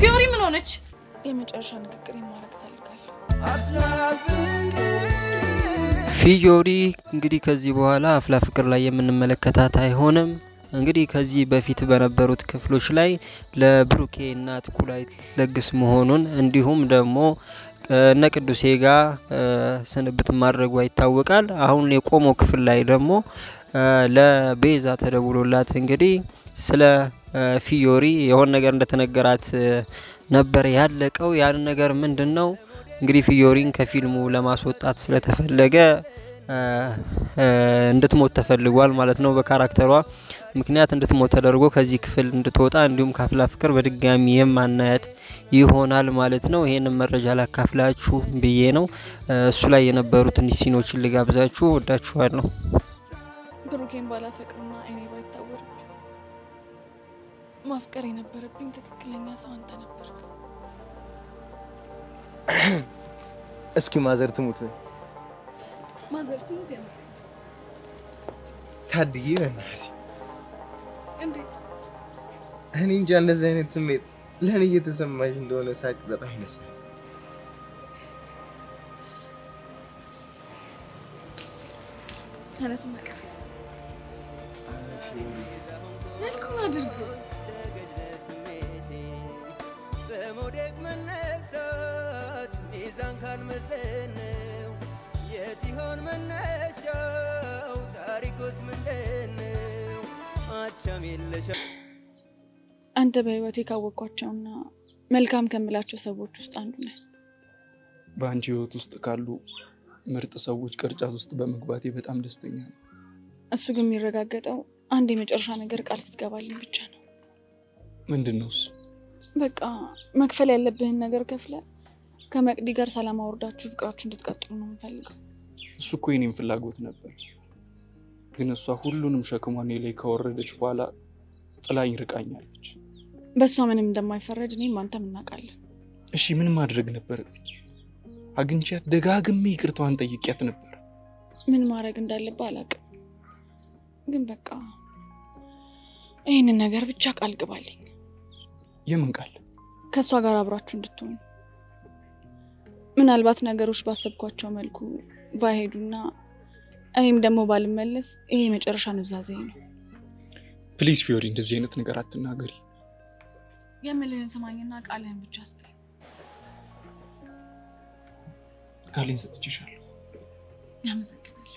ፊዮሪ ምን ሆነች? የመጨረሻ ንግግር ማድረግ ፈልጋለሁ። ፊዮሪ እንግዲህ ከዚህ በኋላ አፍላ ፍቅር ላይ የምንመለከታት አይሆንም። እንግዲህ ከዚህ በፊት በነበሩት ክፍሎች ላይ ለብሩኬ እናት ኩላሊት ልትለግስ መሆኑን እንዲሁም ደግሞ እነ ቅዱሴ ጋር ስንብት ማድረጓ ይታወቃል። አሁን የቆመው ክፍል ላይ ደግሞ ለቤዛ ተደውሎላት እንግዲህ ስለ ፊዮሪ የሆን ነገር እንደተነገራት ነበር ያለቀው። ያን ነገር ምንድን ነው እንግዲህ ፊዮሪን ከፊልሙ ለማስወጣት ስለተፈለገ እንድትሞት ተፈልጓል ማለት ነው። በካራክተሯ ምክንያት እንድትሞት ተደርጎ ከዚህ ክፍል እንድትወጣ እንዲሁም ካፍላ ፍቅር በድጋሚ የማናያት ይሆናል ማለት ነው። ይሄንን መረጃ ላካፍላችሁ ብዬ ነው። እሱ ላይ የነበሩ ትንሽ ሲኖችን ልጋብዛችሁ። ወዳችኋል ነው ብሩኬን ባላፈቅርና ማፍቀር የነበረብኝ ትክክለኛ ሰው አንተ ነበርክ። እስኪ ማዘር ትሙት ማዘር ትሙት ያ ታድዬ በእናትሽ እንዴት እኔ እንጃ እንደዚህ አይነት ስሜት ለእኔ እየተሰማሽ እንደሆነ ሳቅ በጣም ደስ ተነስ፣ ቀፍ አልኩ አድርገው ካልመዘነው የት ይሆን መነሻው? ታሪኩስ ምንድነው? አቻም አንተ በህይወቴ ካወቅኳቸውና መልካም ከምላቸው ሰዎች ውስጥ አንዱ ነህ። በአንቺ ህይወት ውስጥ ካሉ ምርጥ ሰዎች ቅርጫት ውስጥ በመግባቴ በጣም ደስተኛ ነው። እሱ ግን የሚረጋገጠው አንድ የመጨረሻ ነገር ቃል ስትገባልኝ ብቻ ነው። ምንድን ነው እሱ? በቃ መክፈል ያለብህን ነገር ከፍለ ከመቅዲ ጋር ሰላም አውርዳችሁ ፍቅራችሁ እንድትቀጥሉ ነው የምፈልገው። እሱ እኮ የኔም ፍላጎት ነበር፣ ግን እሷ ሁሉንም ሸክሟን ላይ ከወረደች በኋላ ጥላኝ ርቃኛለች። በእሷ ምንም እንደማይፈረድ እኔም አንተም እናውቃለን። እሺ ምን ማድረግ ነበር? አግኝቻት ደጋግሜ ይቅርታዋን ጠይቂያት ነበር። ምን ማድረግ እንዳለብህ አላውቅም፣ ግን በቃ ይህንን ነገር ብቻ ቃል ግባልኝ። የምን ቃል? ከእሷ ጋር አብራችሁ እንድትሆኑ ምናልባት ነገሮች ባሰብኳቸው መልኩ ባይሄዱና እኔም ደግሞ ባልመለስ ይሄ የመጨረሻ ኑዛዜ ነው። ፕሊዝ ፊዮሪ፣ እንደዚህ አይነት ነገር አትናገሪ። የምልህን ስማኝና ቃልህን ብቻ ስጠኝ። ቃሌን ሰጥቼሻለሁ። ያመሰግናለሁ።